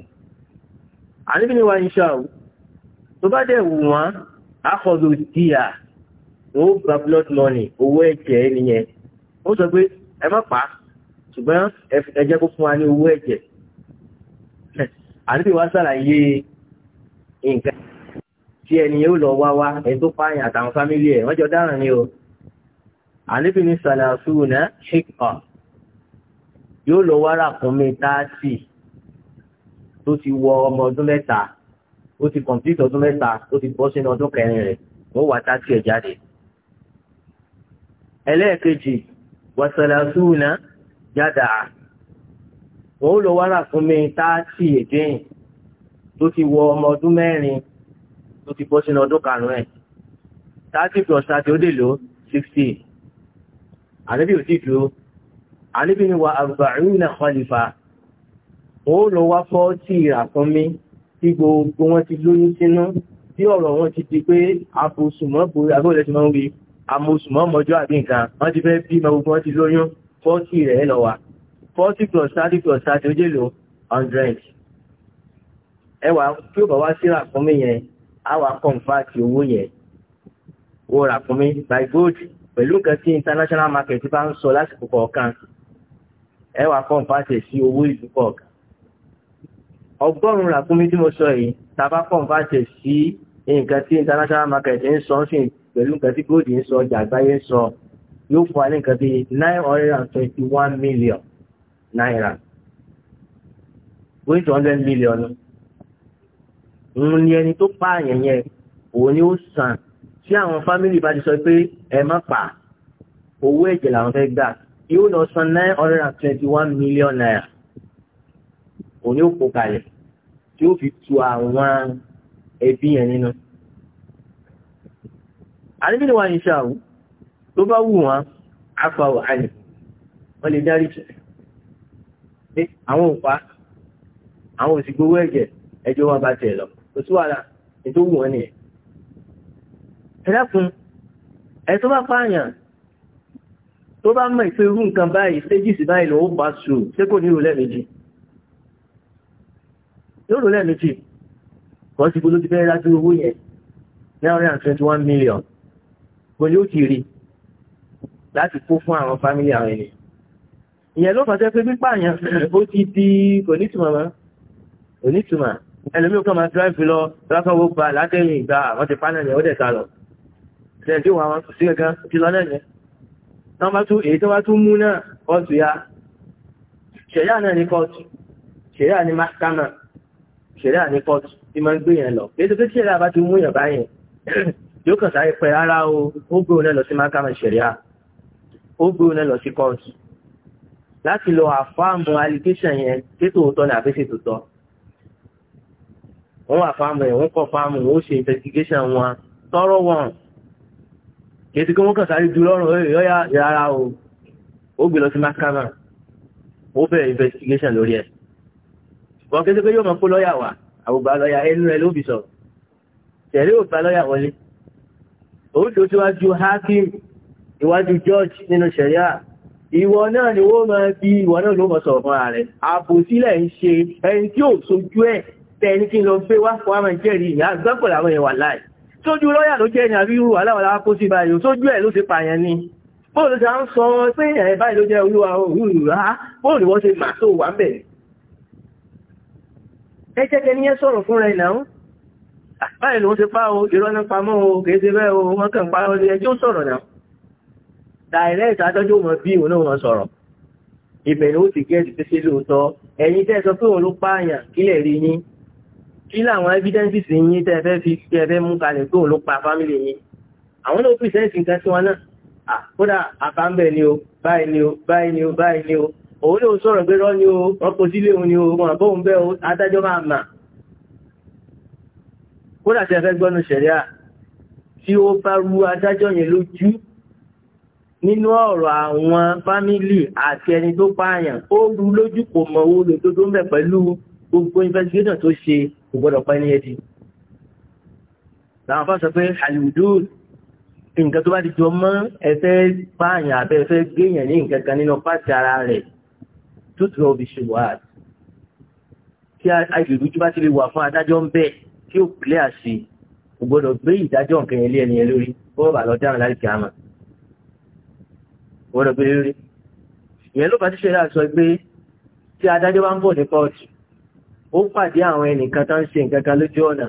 àníbi ni wà ń ṣá tó bá dẹ̀ wù wọ́n àkọlù díà ó gba blood money owó ẹ̀jẹ̀ nìyẹn ó sọ pé ẹ má pa ṣùgbọ́n ẹ kó fún wa ní owó ẹ̀jẹ̀ àníbi wà sàlàyé nǹkan tí ẹni yóò lọ wá wá ẹ̀ tó pààyàn àtàwọn fámílì ẹ̀ wọ́n jọ dáràn ni o àníbi ní sàlàsùnà ṣèkà yóò lọ wá ràkúnmí táàsì tó ti wọ ọmọ ọdún mẹ́ta ó ti kọ̀m̀pútà ọdún mẹ́ta ó ti bọ́ sínú ọdún kẹrin rẹ̀ wọ́n wá táàsì ẹ̀ jáde. ẹlẹ́ẹ̀kejì wàsàlàsùnà jáda wọ́n lọ wá ràkúnmí táàsì ẹ̀dẹ́yìn tó ti wọ ọmọ ọdún mẹ́rin ó ti bọ́ sínú ọdún karùn-ún ẹ̀ thirty plus thirty ó dè ló sixty ànábì ò sì dúró ànábì ni wa arba'una khalifa ó lọ wá fọ́ọ̀tì àkànmí tí gbogbo wọn ti lóyún sínú tí ọ̀rọ̀ wọn ti di pé àfosùmọ́ borí agbóòlẹ̀ ti máa ń wí àmosùmọ́ mọ́jọ́ àbí nǹkan wọ́n ti fẹ́ bí ma gbogbo wọn ti lóyún fọ́ọ̀tì rẹ̀ lọ wà forty plus thirty plus thirty ó jèlò hundred ẹwà tí ó bá wá sí àkànmí yẹn àwa kọ̀ǹfàtì owó yẹn ó rà fún mi by gold pẹ̀lú nǹkan tí international market bá ń sọ lásìkò kọ̀ọ̀kan ẹ wà kọ̀ǹfàtì sí owó ìlú kọ̀ọ̀kan ọgọ́rùn-ún rà fún mi tí mo sọ yìí tá a sí nǹkan tí international market ń sọ sí pẹ̀lú nǹkan tí gold ń sọ ọjà àgbáyé ń sọ yóò fún wa ní nǹkan bíi nine hundred and twenty one million naira. Wíńtì hundred million òun ni ẹni tó pa àyàn yẹn òun ni ó sàn tí àwọn fámìlì bá ti sọ pé ẹ má pa owó ẹ̀jẹ̀ làwọn fẹ́ gbà yóò lọ san nine hundred and twenty one million naira òun ni ó kó kalẹ̀ tí ó fi tu àwọn ẹbí yẹn nínú. àníbìnrin wa yìí ṣàwù tó bá wù wọn afa wàhálì wọn lè dárí jù pé àwọn ò pa àwọn ò sì gbowó ẹ̀jẹ̀ ẹjọ́ wa bá tẹ̀ lọ kò sí wàhálà ètò wù wọn nìyẹn. ẹ dákun ẹ tó bá pààyàn tó bá mọ̀ ìpé irú nǹkan báyìí stages báyìí lòun bá sù ṣé kò ní rò lẹ́ẹ̀mejì yóò rò lẹ́ẹ̀mejì kò sí gbogbo ti fẹ́ rájú owó yẹn nine hundred and twenty one million gbogbo yóò ti rí láti kó fún àwọn fámílì àwọn ènìyàn ìyẹn ló fàṣẹ pé pípààyàn ó ti di kò nítumọ̀ mọ́ kò nítumọ̀ ẹlòmí ò kàn máa dráìfì lọ lásán owó gba látẹ̀yìn ìgbà àwọn ti pánẹ̀ yẹn ó dẹ̀ ta lọ ṣẹ̀dí wọn àwọn sí gangan ti lọ náà yẹn tún èyí tó bá tún mú náà kóòtù ya ṣẹ̀yà náà ní kóòtù ṣẹ̀yà ní mákàmà ṣẹ̀yà ní kóòtù tí máa ń gbé yẹn lọ èyí tó tó ṣẹ̀yà bá ti mú yẹn báyẹn [COUGHS] yóò kàn sáré pẹ́ rárá o ó gbé òun lọ sí mákàmà ṣẹ̀yà ó gbé òun lọ sí kóòtù láti lọ àfáàmù wọ́n wà fáàmù ẹ̀ wọ́n kọ́ fáàmù ẹ̀ ó ṣe investigation wọn tọrọ wọn kìí kí wọ́n kàn sáré du lọ́rùn ẹ̀ yọ́yà yàrá o ó gbé lọ sí mákàmà ó bẹ̀rẹ̀ investigation lórí ẹ̀ wọ́n kìí kí yóò máa kó lọ́yà wá àbùbá lọ́yà ẹnu ẹ̀ ló bì sọ̀rọ̀ tẹ̀lé ògbà lọ́yà wọlé òótọ́ síwájú hakim ìwájú george nínú sẹ̀ríà ìwọ náà ni wọ́n máa bí ìwọ náà ló mọ̀ sọ̀rọ̀ fún ara rẹ̀ àbòsílẹ̀ ń ṣe ẹni tí ò sojú ẹ̀ tẹ kí n lọ gbé wá fún àmà ìjẹ́rì ìyá àgbẹ́pọ̀ làwọn èèyàn láì sójú lọ́yà ló jẹ́ ní àríwú aláwọ̀lá kó sí báyìí sójú ẹ̀ ló ti pààyàn ni bóòlù ti à ń sọ pé ẹ̀ báyìí ló jẹ́ olúwa òwúrù rá ah, bóòlù wọ́n ti màá tó wà bẹ̀ ẹ jẹ́ kẹ́ níyẹn sọ̀rọ̀ fúnra ẹ̀ náà ah, báyìí ló ti pa o irọ́ ní pamọ́ o kìí ṣe bẹ́ẹ̀ o wọ́n kàn pa o ẹjọ́ sọ̀rọ̀ náà direct adájọ́ mọ̀ bí òun náà wọ́n sọ̀rọ̀ ìbẹ̀rẹ̀ ó ti gẹ́ẹ̀sì pé sí lóòótọ́ ẹ̀yin tẹ́ sọ pé òun ló pààyàn kílẹ̀ rí yín kí làwọn evidences yín tẹ́ fẹ́ fi tẹ́ fẹ́ mú kalẹ̀ pé òun ló pa family yín àwọn náà present nǹkan sí wọn náà kódà àbámbẹ̀ ni o báyìí ni o báyìí ni o báyìí ni o òun ló sọ̀rọ̀ pé rọ́ ni o wọ́n kò sílé òun ni o wọn àbóhùn bẹ́ẹ̀ o adájọ́ máa mà kódà tẹ́ fẹ́ gbọ́nu ṣẹ̀ríà tí ó bá rú adájọ́ yẹn lójú nínú ọ̀rọ̀ àwọn fámílì àti ẹni tó pààyàn ó rú lójú kò mọ̀ owó lòdòdó ń bẹ̀ pẹ̀lú gbogbo investigation tó ṣe kò gbọ́dọ̀ pa ẹni ẹdí làwọn afáṣọ pé àlùdó nǹkan tó bá ti jọ mọ́ ẹfẹ́ pààyàn abẹ́ ẹfẹ́ gbéyàn ní nǹkan kan nínú pàṣẹ ara rẹ̀ tó tún ọbì ṣùgbọ́n àti tí àìlùdójú bá ti lè wà fún adájọ́ ń bẹ̀ tí ó kílẹ̀ àṣì kò gbọ́dọ̀ gbé ìdájọ́ nǹkan yẹn lé ẹni yẹn lórí bọ́ọ̀ bá lọ dáhùn láì kí á gbé lórí ìyẹn ló bá ti ṣe láti sọ pé tí adájọ́ bá ń bọ̀ ní kóòtù ó pàdé àwọn ẹnìkan tó ń ṣe nǹkan kan lójú ọ̀nà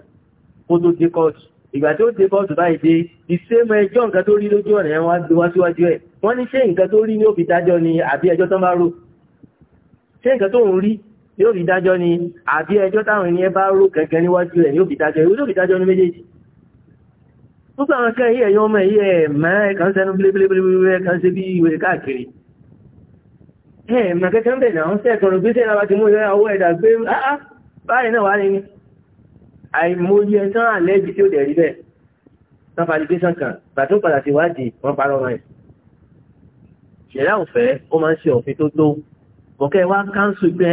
kó tó dé kóòtù ìgbà tó dé kóòtù báyìí dé ìsémọ̀ ẹjọ́ nǹkan tó rí lójú ọ̀nà yẹn wá gbé wá síwájú ẹ̀ wọ́n ní ṣé nǹkan tó rí ní ó fi dájọ́ ni àbí ẹjọ́ tó bá rò ṣé nǹkan tó ń rí ní ó fi dájọ́ ni àbí ẹjọ́ táwọn ènìyàn bá rò gẹ́gẹ́ níwájú ẹ̀ ní ó dájọ́ ìwé ló dájọ́ ní méjèèjì púpọ̀ àwọn kan yíyẹ̀ yọ́ ọmọ yíyẹ̀ mẹ́ ẹ̀kan sẹ́nu blébléblé báyìí náà wá ní àìmọye ẹ̀sán àlẹ́jì tí ó dẹ̀ rí bẹ́ẹ̀ tán fàdígbésàn kan bàtó padà sí wádìí wọ́n parọ́ wọn ẹ̀ ṣẹ̀dá òfẹ́ ó máa ń ṣe òfin tó tó bọ̀kẹ́ wá káńsù pé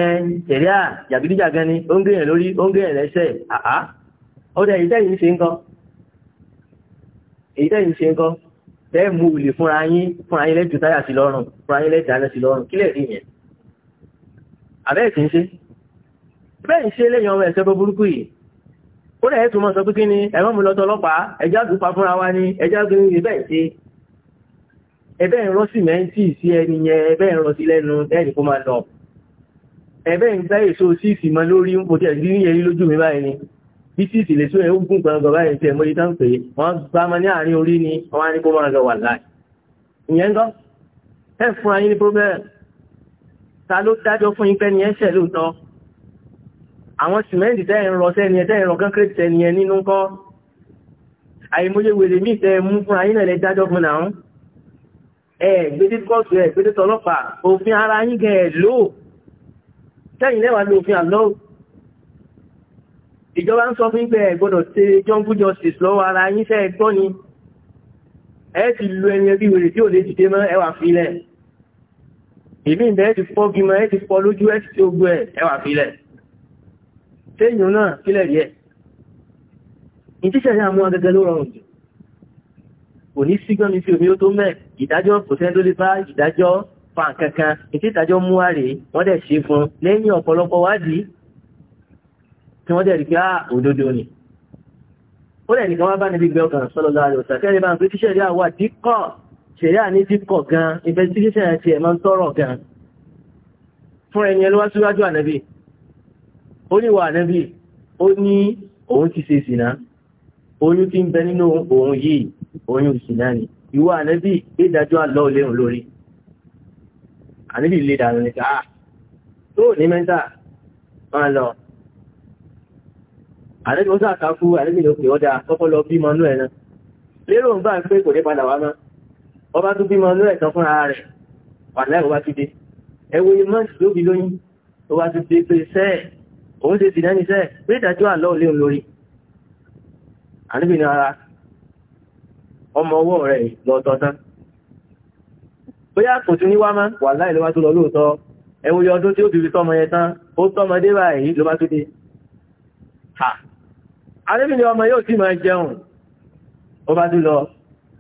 ṣẹ̀dá jàgídíjàgan ni ó ń gbé yẹn lórí ó ń gbé yẹn lẹ́sẹ̀ àá ó dẹ̀ èyí tẹ́yìn ṣe ń kọ́ èyí tẹ́yìn ṣe ń kọ́ tẹ́ mú ìlè fúnra yín fúnra yín lẹ́jù táyà sí lọ́rùn fúnra yín lẹ́jù dáná sí lọ́rùn kílẹ̀ rí yẹn àbẹ́ẹ̀ tí ń ṣe bẹ́ẹ̀ ṣe léyàn ọmọ ẹ̀ṣẹ́ tó burúkú yìí ó rẹ̀ tó mọ́ sọ pé kí ni ẹ̀rọ mú lọ́tọ̀ ọlọ́pàá ẹjá tó fúnra wa ni ẹjá tó ní bẹ́ẹ̀ ṣe ẹbẹ́ ń rọ́ símẹ́ǹtì sí ẹni yẹn ẹbẹ́ ń rọ́ ni bí síìsì lè tún ẹ̀ ó gùn gbọ̀ngàn báyìí ti ẹ̀mọ́ ìtàn pé wọ́n gbá ma ní àárín ni wọ́n á ní kó máa lọ wà láì ìyẹn ń gọ́ fún ayé ní pọ́bẹ́ẹ̀ ta ló dájọ́ fún yín ni ẹ̀ ṣẹ̀ àwọn sìmẹ́ntì tẹ́ ń rọ sẹ́ni ẹ tẹ́ ń rọ kánkírẹ́tì tẹ́ni ẹ nínú kọ́ àìmọye wèrè mí tẹ́ mú fúnra yín lẹ́lẹ́ dájọ́ fún náà ẹ gbédé kọ́ọ̀tù ẹ gbédé tọlọ́pàá òfin ara yín gẹ̀ ẹ̀ lò tẹ́yìn lẹ́wà ní òfin àlọ́ ìjọba ń sọ fún pé ẹ gbọ́dọ̀ ṣe jungle justice lọ́wọ́ ara yín fẹ́ gbọ́ ni ẹ ti lu ẹni ẹbí wèrè tí ò lè dìde mọ́ ẹwà filẹ̀ ìbí ìbẹ́ ti fọ́ gímọ̀ ẹ ti fọ́ lójú ẹ ti ṣe ogun ẹ ẹwà filẹ̀ téèyàn náà kílẹ̀ rí ẹ̀ ìtíṣẹ́ ní àmú agẹgẹ ló rọrùn jù kò ní sígbọ́n mi fi omi ó tó mẹ́ ìdájọ́ kò sẹ́ni tó lè bá ìdájọ́ fa kankan ìtí ìdájọ́ mú wá rèé wọ́n dẹ̀ ṣe fún lẹ́yìn ọ̀pọ̀lọpọ̀ wádìí tí wọ́n dẹ̀ rí pé ah, òdodo ni ó lẹ̀ nìkan wá bá níbi gbẹ ọkàn sallallahu alaihi wasallam kẹ́rin bá ń pè tíṣẹ́ rí àwa díkọ̀ ṣẹ̀rí àní díkọ̀ gan investigation ẹ̀ máa ń tọrọ gan fún ẹni ẹlọ́wọ́ síwájú ànábì ó ní wà nẹ́bí ó ní òun ti ṣe ìsìnà oyún ti ń bẹ nínú òun yìí oyún ìsìnà ni ìwà nẹ́bí ìdájọ́ àlọ́ léhùn lórí àníbì lè dànù ní káà ah, tó ní mẹ́ta máa lọ àníbì ó sàkákú àníbì ló pè ọ́dà kọ́kọ́ lọ bí mọ́nú ẹ̀ náà lérò ń bá ń pé kò ní padà wá mọ́ ọba tó bí mọ́nú ẹ̀ tán fúnra rẹ̀ wà láì ọba tó dé ẹ̀wọ̀n ni mọ́ọ̀sì ló bí lóyún ọba tó dé pé sẹ́ẹ̀ òun ṣe fìdá ní sẹ́ẹ̀ pé ìdájọ́ àlọ́ òlé lórí àníbì ní ara ọmọ ọwọ́ rẹ̀ lọ́tọ̀ tán bóyá kò tún ní wá má wà láì ló bá tó lọ lóòótọ́ ẹ̀wọ̀n yọ ọdún tí ó bìbí tọ́mọ yẹn tán ó tọ́mọ dé báyìí ló bá tó dé ha àníbì ní ọmọ yóò sì máa jẹun ó bá tó lọ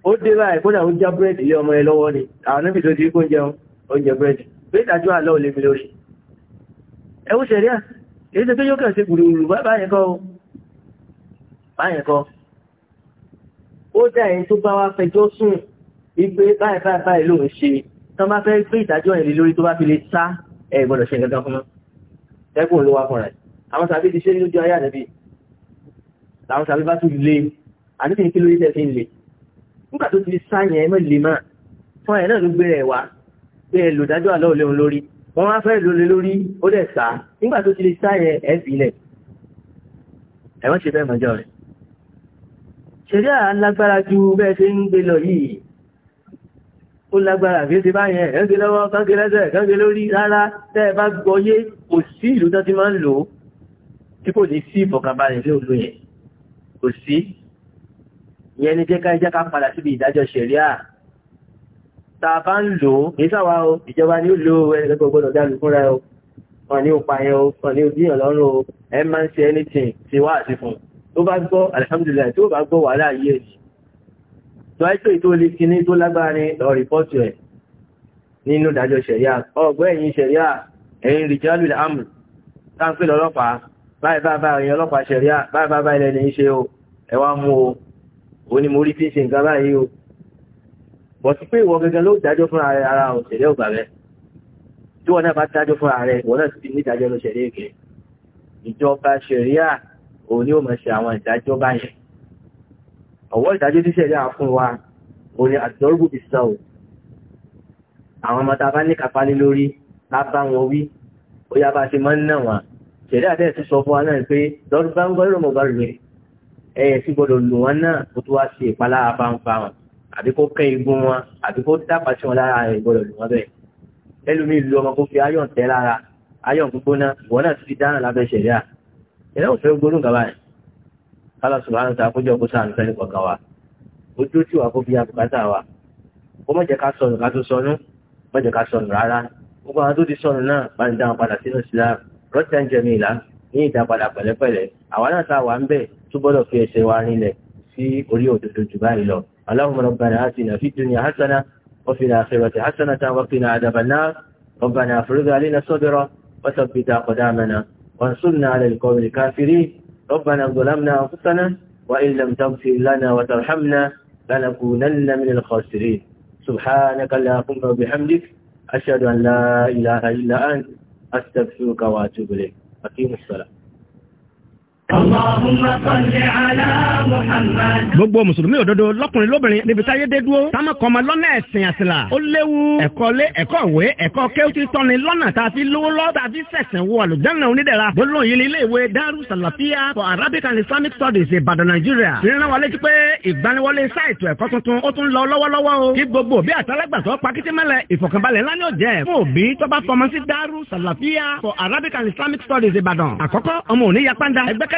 ó dé báyìí kódà ó já búrẹ́dì lé ọmọ yẹn lọ́wọ́ ni àníbì tó ti kó jẹun ó jẹ búrẹ́dì pé ìdájọ́ àlọ́ òlé mi lórí ẹ̀wọ̀n ṣẹ̀ríà èyí tó yóò kàn ṣe gbùrùgbùrù báyẹn kọ́ báyẹn kọ́ ó dá ẹni tó bá wá fẹjọ́ sùn wípé báyìí báyìí báyìí ló ń ṣe tó bá fẹ́ gbé ìdájọ́ ẹ̀rí lórí tó bá fi lè sá ẹ̀ gbọ́dọ̀ ṣe nǹkan kan fún un ẹ̀gbọ́n ló wá fún rẹ̀ àwọn sàbí ti ṣe ní ojú ayé àdẹ́bí làwọn sàbí bá tún lé àdúgbò ní kí lórí tẹ̀ fi ń lè nígbà tó ti sá yẹn mọ́ lè fún ẹ̀ náà ló gbé rẹ̀ wá pé ẹ lòdájọ́ àlọ́ òléun lórí wọ́n wá fẹ́ lólè lórí ó dẹ̀ sá nígbà tó ti lè sá yẹ ẹ̀ fi lẹ̀ ẹ̀ wọ́n ṣe bẹ́ẹ̀ mọ́jọ́ rẹ̀ ṣẹ̀dá lágbára ju bẹ́ẹ̀ ṣe ń gbé lọ yìí ó lágbára kìí ṣe báyẹn ẹ̀ ń gbé lọ́wọ́ kánké lẹ́sẹ̀ kánké lórí rárá tẹ́ ẹ bá gbọ́yé kò sí ìlú tó ti máa ń lò ó tí kò ní sí ìfọ̀kànbalẹ̀ ní òlú yẹn kò sí ìyẹn ni jẹ́ ká jẹ́ ká padà síbi ìdájọ́ ṣẹ̀ríà tàbá ń lò ó ìsáwà o ìjọba ni ó lo ẹgbẹ̀gbẹ̀ gbọ́dọ̀ dálù fúnra ẹ̀ wọ́n ní òpa ẹ̀ wọ́n ní òdíyàn lọ́rùn o ẹ máa ń ṣe anything ti wá àti fún tó bá gbọ́ alhamdulillah tó bá gbọ́ wàhálà yìí èyí tó àìsàn ètò ilé kíní tó lágbára ní lọ rìpọ́tù ẹ̀ nínú ìdájọ́ ṣẹ̀ríà ọgbọ́ ẹ̀yìn ṣẹ̀ríà ẹ̀yìn rìjálù àmù táǹpé lọ́lọ́pàá báyìí bá bá ẹ̀yìn ọlọ́pàá ṣẹ̀ríà báyìí bá bá ilẹ̀ ní í ṣe o ẹ wá báyìí o bọ̀ sí pé ìwọ gẹ́gẹ́ ló dájọ́ fún ara òṣèlẹ̀ ògbà rẹ̀ tí wọ́n náà bá dájọ́ fún ara rẹ̀ wọ́n náà sì ní ìdájọ́ lóṣèlú èké ìjọba ṣẹ̀ríà òun ni ó mọ̀ ṣe àwọn ìdájọ́ báyẹn ọ̀wọ́ ìdájọ́ tí ṣẹ̀ríà fún wa òun ni àdọ́rùbù ti sọ ò àwọn ọmọ tá a bá ní kápá lé lórí bá bá wọn wí ó yá bá ṣe máa ń nà wọn ṣẹ̀ríà bẹ́ẹ̀ tún sọ fún wa náà pé dọ́rùbá ń gbọ́ ìrọ̀mọ̀ bá rèé ẹ̀yẹ̀ sí gbọ́dọ̀ lù wọn náà ó tún wá ṣe ìpalára bá ń fa wọn àbí kó kẹ́ igun wọn àbí kó dábàá sí wọn lára rẹ̀ gbọ́dọ̀ lù wọ́n bẹ́ẹ̀ ẹlòmíì lu ọmọ kó fi ayọ̀n tẹ́ lára ayọ̀n gbígbóná ìwọ náà ti dáná lábẹ́ ṣẹ̀ríà ẹ̀rọ òfin gbólóhùn gàbá yẹn kálá sùbhánà ta àkójọ kó sáà nìkan nìkan kan wa ojú tí wà kó fi àbùkátà wa ó má jẹ́ ká sọnù ká tó sọnù má jẹ́ ká sọnù rárá gbogbo àwọn tó ti sọnù اللهم ربنا آتنا في الدنيا حسنة وفي الآخرة حسنة وقنا عذاب النار ربنا افرض علينا صبرا وثبت قدامنا وانصرنا على القوم الكافرين ربنا ظلمنا أنفسنا وإن لم تغفر لنا وترحمنا لنكونن من الخاسرين سبحانك اللهم وبحمدك أشهد أن لا إله إلا أنت أستغفرك وأتوب إليك أقيم الصلاة gbogbo mùsùlùmí òdodo lọkùnrin lóbìnrin níbi táyé dé dúró táwọn kan máa lọ́nà ẹ̀sìn àṣìlá ó léwu ẹ̀kọ́ lé ẹ̀kọ́ ìwé ẹ̀kọ́ kéwùtì tọ́ni lọ́nà tá a fi lówó lọ́ tá a fi sẹ̀sìn wọ àlùjáná onídẹ̀ra gbólóhùn yìí ní ilé ìwé Daru Salafia for Arabic and Islamic Studies Ìbàdàn Nàìjíríà ìrìnà wa létí pé ìgbaniwọlé sáìtù ẹ̀kọ́ tuntun ó tún lọ lọ́wọ́lọ́wọ́ o kí gbogbo bí àtàlágbàtọ́ pakitímẹ́lẹ̀ ìfọ̀kànbalẹ̀ ńlá ni ó jẹ́ fún òbí tó bá fọmọ sí Daru Salafia for Arabic and Islamic Studies Ìbàdàn àkọ́kọ́ ọmọ òní yapanda ẹgbẹ́kẹ́